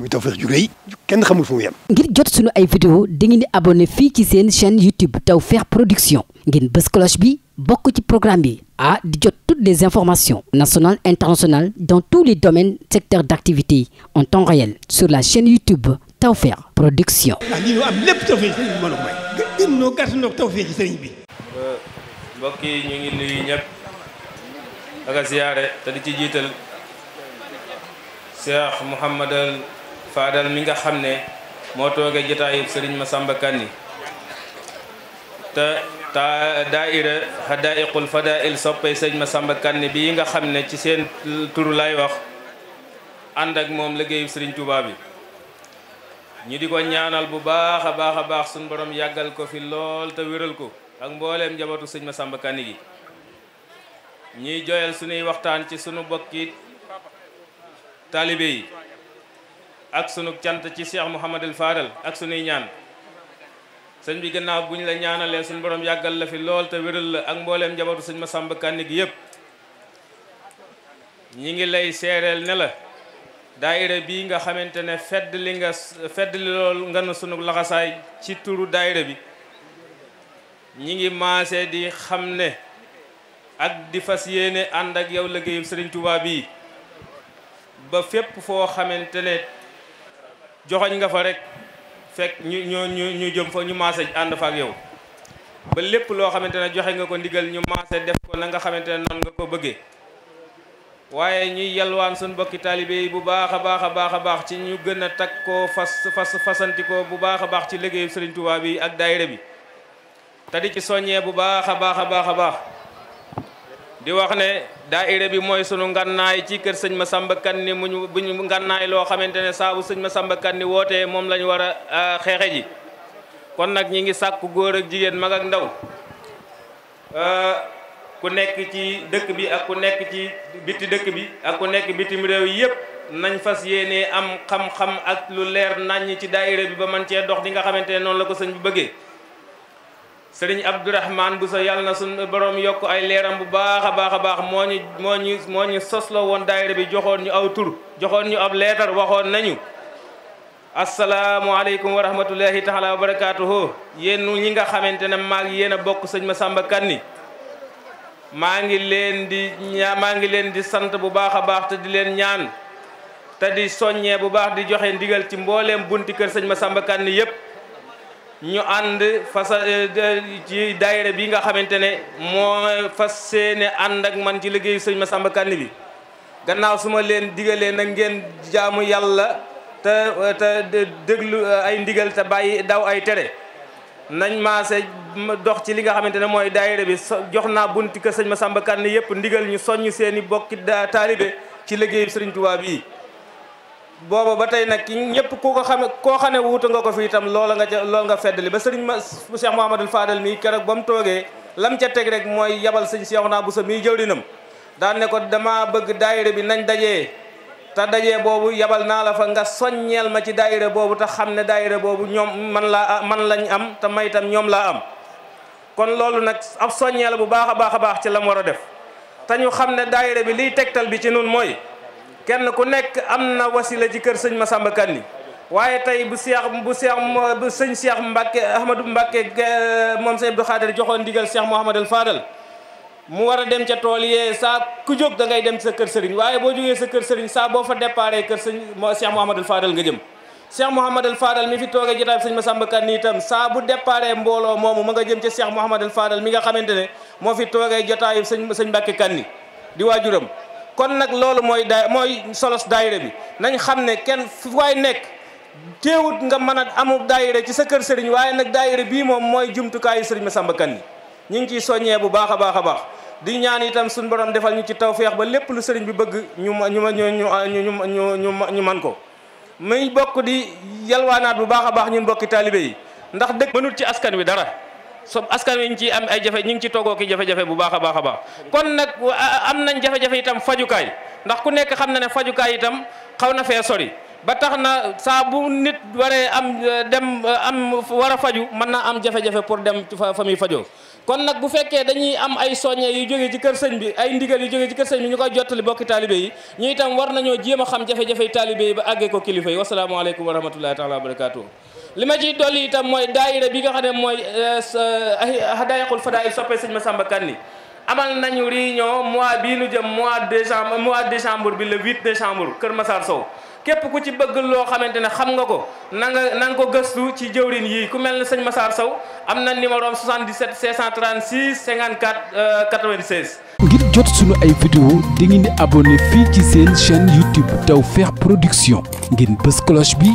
muy Tawfekh ju ngir jot sunu ay vidéo dangeen di abonné fii ci seen chaîne YouTube Tawfekh Production ngeen bës bi bokk ci programme bi a di jot toutes les informations nationales internationales dans tous les domaines secteurs d'activité en temps réel sur la chaîne YouTube Tawfekh Production. ah lii ñu am lépp Tawfekh sëriñ bi a may. bi. Euh, mbokk ñu ngi nuyu ñëpp ak a te di ci jiital Cheikh Mouhamadal. faadal mi nga xam ne moo toogee jotaayub sëriñ Masamba Kanni te ta daaira hadaiqul fadail soppay sëriñ Masamba Kanni bii nga xam ne ci seen tur lay wax ànd ak moom liggéeyub sëriñ Touba yi ñu di ko ñaanal bu baax a baax a baax suñu borom yàggal ko fi lool te wéral ko ak mbooleem njabootu sëñ Masamba Kanni gi ñuy joyal suñuy waxtaan ci sunu bokkit taalibe yi ak sunu cant ci Cheikh Mouhamadul Fadal ak sunuy ñaan sëñ bi gannaaw bu ñu la ñaanalee suñu borom yàggal la fi lool te wéral la ak mbooleem njabootu sëñ Masamba Kanni gi yëpp ñi ngi lay seereel ne la daayira bi nga xamante ne fedd li nga fedd li lool nga nu sunu laxasaay ci turu daayira bi ñi ngi maase di xam ne ak di fas yéene ànd ak yow liggéeyu sëriñ Touba ba fépp foo xamante ne joxoñ nga fa rek fekk ñu ñu ñu ñu jëm fa ñu maase ànd fa ak yow ba lépp loo xamante ne joxe nga ko ndigal ñu maase def ko na nga xamante ne noonu nga ko bëggee waaye ñuy yalwaan suñ bokki taalibe yi bu baax a baax a baax a baax ci ñu gën a takk koo fas fas fasantikoo bu baax a baax ci liggéey Sëriñ Tuubaa yi ak dayre bi te ci soññee bu baax a baax a baax a baax di wax ne daaira bi mooy sunu ngànnaay ci kër sëñ ma Kanni mu ñu bu ñu ngànnaay loo xamante ne saabu bu sëñ Massamba Kanni wootee moom la ñu war a xeexe ji kon nag ñi ngi sàkku góor ak jigéen mag ak ndaw ku nekk ci dëkk bi ak ku nekk ci biti dëkk bi ak ku nekk bitim réew yépp nañ fas yéenee am xam-xam ak lu leer naññ ci daa daaira bi ba man cee dox di nga xamante ne noonu la ko sëñ bi bëggee sëriñ abdourahman bu sa yàlla na suñu borom yokk ay leeram bu baax a baax a baax moo ñu moo ñu moo ñu sosloo woon daayira bi joxoon ñu aw tur joxoon ñu ab leetar waxoon nañu asalaamualeykum wa rahmatullahi taala wa barakatuhu yéen ñi nga xamante ne maa ngi yéen a bokk sëñ Massamba Kanni maa ngi leen di maa ngi leen di sant bu baax a baax te di leen ñaan te di soññee bu baax di joxe ndigal ci mbooleem bunt kër sëñ ma Massamba Kanni yépp ñu ànd fas euh, ci daayira bi nga xamante ne moo fas seene ànd ak man ci liggéeyu sëñ Massamba Kanni bi gannaaw su ma leen digalee nag ngeen jaamu yàlla te te déglu euh, ay ndigal te bàyyi daw ay tere nañ maase dox ci li nga xamante ne mooy daayira bi jox naa bunti kër sëñ Massamba Kanni yëpp ndigal ñu soññ seeni bokki taalibe ci liggéeyu sëriñ Tuubaa yi booba ba tey nag ki ñëpp ku ko xame koo xam ne wuutu nga ko fi itam loola nga ca loola nga feddali ba sëriñ ma Cheikh Mouhamadul Fadal mii keroog ba mu toogee lam ca teg rek mooy yabal sëñ Cheikh naa bu sa mii jëwrinam daan ne ko dama bëgg daayira bi nañ dajee te dajee boobu yabal naa la fa nga soññeel ma ci daayira boobu te xam ne daayira boobu ñoom man laa man lañ am te may itam ñoom laa am kon loolu nag ab soññeel bu baax a baax a baax ci la mu war a def te ñu xam ne daayira bi ci nun mooy kenn ku nekk am na wasila ci kër sëñ Massamba Kanni waaye tey bu seex bu seex bu sëñ seex Mbacke Ahmadou Mbacke eh, moom sëñ Abdou Khadir joxoon ndigal seex Mouhamadul Fadal mu war a dem ca tool yee saa ku jóg da ngay dem sa kër sëriñ waaye boo jógee sa kër sëriñ saa boo fa déparé kër sëñ seex Mouhamadul Fadal nga jëm. seex Mouhamadul Fadal mi fi toogee jotaay sëñ Massamba Kanni itam saa bu déparé mbooloo moomu ma nga jëm ca seex Mouhamadul Fadal mi nga xamante ne moo fi toogee jotaayu sëñ sëñ Mbacke Kanni di waajuram kon nag loolu mooy daay mooy solos daayira bi nañ xam ne kenn fu waay nekk teewut nga mën a amul daayira ci sa kër sëriñ waaye nag daayira bii moom mooy jumtukaayu sëriñ Massamba Kanni ñi ngi ciy soññee bu baax a baax a baax di ñaan itam suñu borom defal ñu ci tawféex ba lépp lu sëriñ bi bëgg ñu ñu ñu ñu ñu man ko muy bokk di yalwaanaat bu baax a baax ñu mbokki taalibe yi ndax dëgg mënut ci askan wi dara so askan wi ñu ci am ay jafe ñu ngi ci toogoo ki jafe-jafe bu baax a baax a baax kon nag am nañ jafe-jafe itam fajukaay ndax ku nekk xam na ne fajukaay itam xaw na fee sori ba tax na saa bu nit waree am e, dem e, am war a faju mën naa am jafe-jafe pour dem fa muy fajoo kon nag bu fekkee dañuy am ay soññe yu jógee ci kër sëñ bi ay ndigal yu jógee ci kër sëñ bi ñu koy jottali bokki taalibe yi ñu itam war nañoo jéem a xam jafe-jafe taalibe yi ba àggee ko kilifa yi wasalaamaaleykum wa rahmatullahi taala wa li ma ciy dolli itam mooy daayira bi nga xam ne mooy eh, eh, Hadaayaqul Fadaa'il soppe sëñ Massamba Kanni amal nañu réunion mois bii nu jëm mois décembre mois décembre bi le de décembre Kër Massar Sow képp ku ci bëgg loo xamante ne xam nga ko na nga na ko gëstu ci jëwrin yii ku mel ne sëñ Massar saw am na numéro am 77 536 54 96. ngir jot suñu ay vidéo di ngeen di abonné fii ci seen chaîne YouTube Tawfekh Production ngeen bës cloche bi.